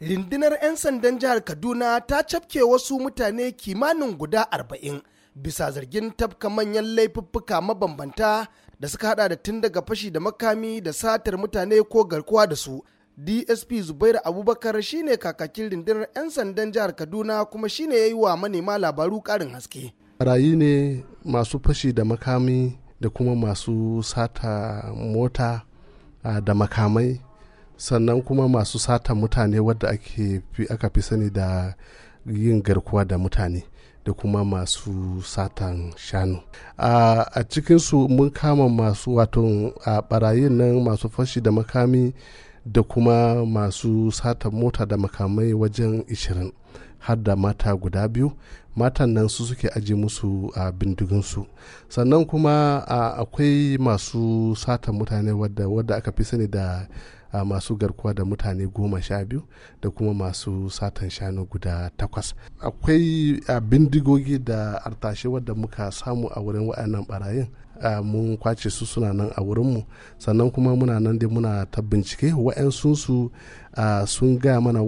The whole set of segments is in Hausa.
Rindinar 'yan sandan jihar Kaduna ta cafke wasu mutane kimanin guda arba'in bisa zargin tafka manyan laifuffuka mabambanta da suka hada da tun daga fashi da makami da satar mutane ko garkuwa da su. DSP Zubairu Abubakar shine kakakin rindinar 'yan sandan jihar Kaduna kuma shine ya yi wa manema labaru karin haske. Rayi ne masu fashi da makami da kuma masu sata mota ah, da makamai sannan kuma masu sata mutane wadda ake aka fi sani da yin garkuwa da mutane da kuma masu satan shanu a cikinsu mun kama masu wato a barayin nan masu fashi da makami da kuma masu satan mota da makamai wajen 20 har da mata guda biyu matan nan su suke aje musu a bindiginsu sannan kuma akwai masu satan mutane wadda aka fi sani da a masu garkuwa da mutane goma sha biyu da kuma masu satan shanu guda takwas akwai bindigogi da artashe wadda muka samu a wurin waɗannan barayin mun kwace su suna nan a wurinmu sannan kuma muna nan dai muna ta bincike wa'yansunsu sun gaya mana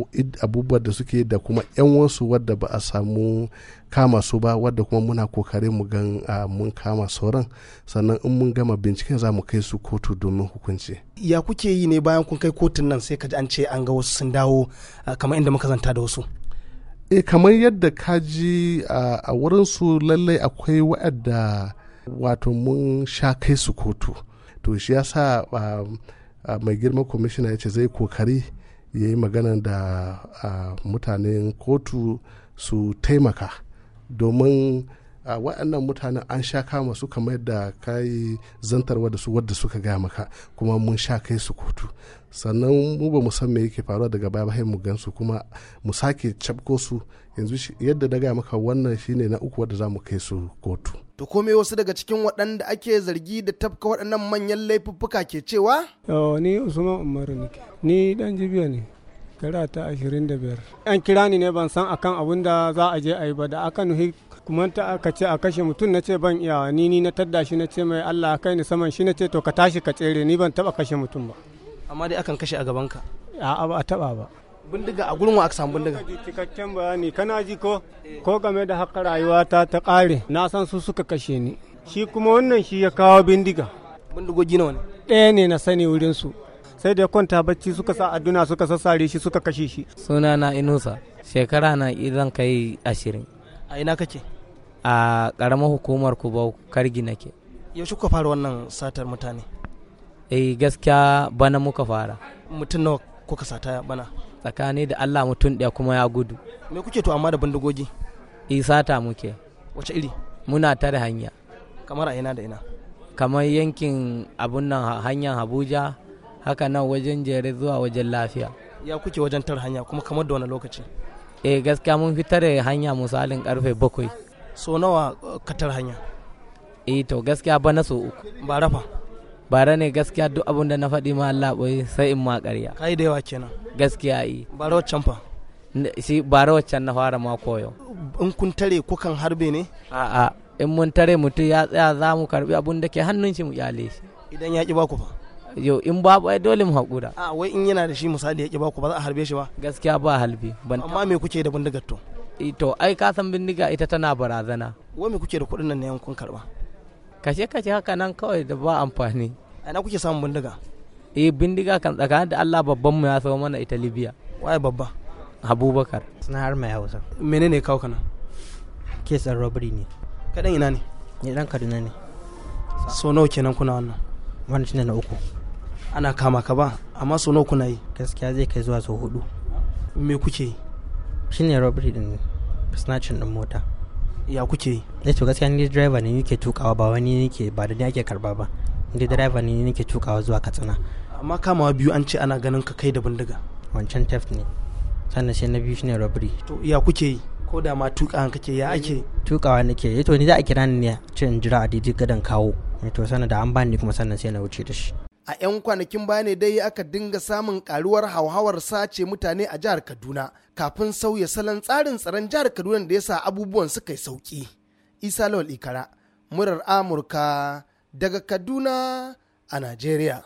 abubuwan da suke da kuma 'yan wasu wadda ba a samu kama su ba wadda kuma muna kokare mu gan mun kama sauran sannan in mun gama binciken za mu kai su kotu domin hukunci ya kuke yi ne bayan kun kai kotun nan sai ka ji an ce an ga wasu sun dawo kamar inda muka zanta da wasu e kamar yadda kaji a wurin su lallai akwai waɗanda. wato mun sha kai su kotu to shi ya sa um, uh, mai girma kwamishina ya ce zai kokari ya yi magana da uh, mutanen kotu su taimaka domin uh, waɗannan mutanen an sha kama su kamar da yi zantarwa da su wadda suka gaya maka kuma mun sha kai su kotu sannan mu ba mu san me yake faruwa daga baya ba mu gan su kuma mu sake cabko su yanzu yadda na gaya maka wannan shine na uku wadda za mu kai su kotu komai wasu daga cikin waɗanda ake zargi da tafka waɗannan manyan laifuffuka ke cewa? ni usman umaru ne ni dan jibiya ne gara ta ashirin da biyar an kira ni ne ban san akan abun da za a je a yi ba da aka nuhi kuma ta aka ce a kashe mutum na ce ban iyawa ni ni na tadda shi na ce mai allah kai ni saman shi na ce to ka tashi ka tsere ni ban taba kashe mutum ba amma dai akan kashe a gaban ka. a'a ba a taba ba bindiga a gurin wa aka samu bindiga cikakken bayani kana ji ko ko game da haka rayuwa ta ta ƙare. na san su suka kashe ni shi kuma wannan shi ya kawo bindiga bindigogi nawa ne ɗaya ne na sani wurin su sai da ya kwanta bacci suka sa aduna, suka sassare shi suka kashe shi suna na inusa shekara na idan kai ashirin a ina kake a karamar hukumar kubau kargi nake yaushe kuka fara wannan satar mutane eh gaskiya bana muka fara mutum nawa kuka sata bana tsakani da Allah mutum ɗaya kuma ya gudu me kuke to amma da bindigogi e, ta muke wace iri muna tare hanya kamar a ina da ina kamar yankin abun nan hanyar Abuja haka nan wajen jere zuwa wajen lafiya ya kuke wajen tare hanya kuma kamar da wani lokaci eh gaskiya mun fi tare hanya misalin karfe bakwai so nawa eh, ka tare hanya eh to gaskiya ba na so uku ba rafa bara ne gaskiya duk abin da na faɗi ma Allah boye sai in ma ƙarya kai da yawa kenan gaskiya yi bara waccan fa shi bara waccan na fara ma koyo in kun tare kukan harbe ne a'a in mun tare mutum ya tsaya za mu karbi abun da ke hannun shi mu yale shi idan ya ki ba ku fa yau in babu ai dole mu haƙura a wai in yana da shi misali ya ki ba ku ba za a harbe shi ba gaskiya ba halbi amma me kuke da bindigar to to ai ka san bindiga ita tana barazana wai me kuke da kuɗin nan ne kun karba kashe kashe haka nan kawai da ba amfani a na kuke samun bindiga eh bindiga kan tsakanin da Allah babban mu ya sayo mana ita Libya waye babba Abubakar suna har mai Hausa menene kawo kana san robbery ne kadan ina ne ni dan Kaduna ne so nawa kenan kuna wannan wannan shine na uku ana kama ka ba amma so nawa kuna yi gaskiya zai kai zuwa sau hudu me kuke yi shine robbery din snatching din mota ya kuke yi ne eh to gaskiya ni driver ne nake tukawa ba wani nake ba da ni ake karba ba ni driver ne nake tukawa zuwa katsina amma kamawa biyu an ce ana ganin ka kai da bindiga wancan theft ne sannan sai na biyu shine robbery to ya kuke yi ko da ma tukawa kake ya ake tukawa nake yi eh to ni za a kira ni ne ce in jira a didi gadan kawo eh to sannan da an bani kuma sannan sai na wuce da shi a 'yan kwanakin baya ne dai aka dinga samun karuwar hauhawar sace mutane a jihar kaduna kafin sauya salon tsarin tsaron jihar kaduna da ya sa abubuwan suka yi sauki isa lawal ikara murar amurka daga kaduna a najeriya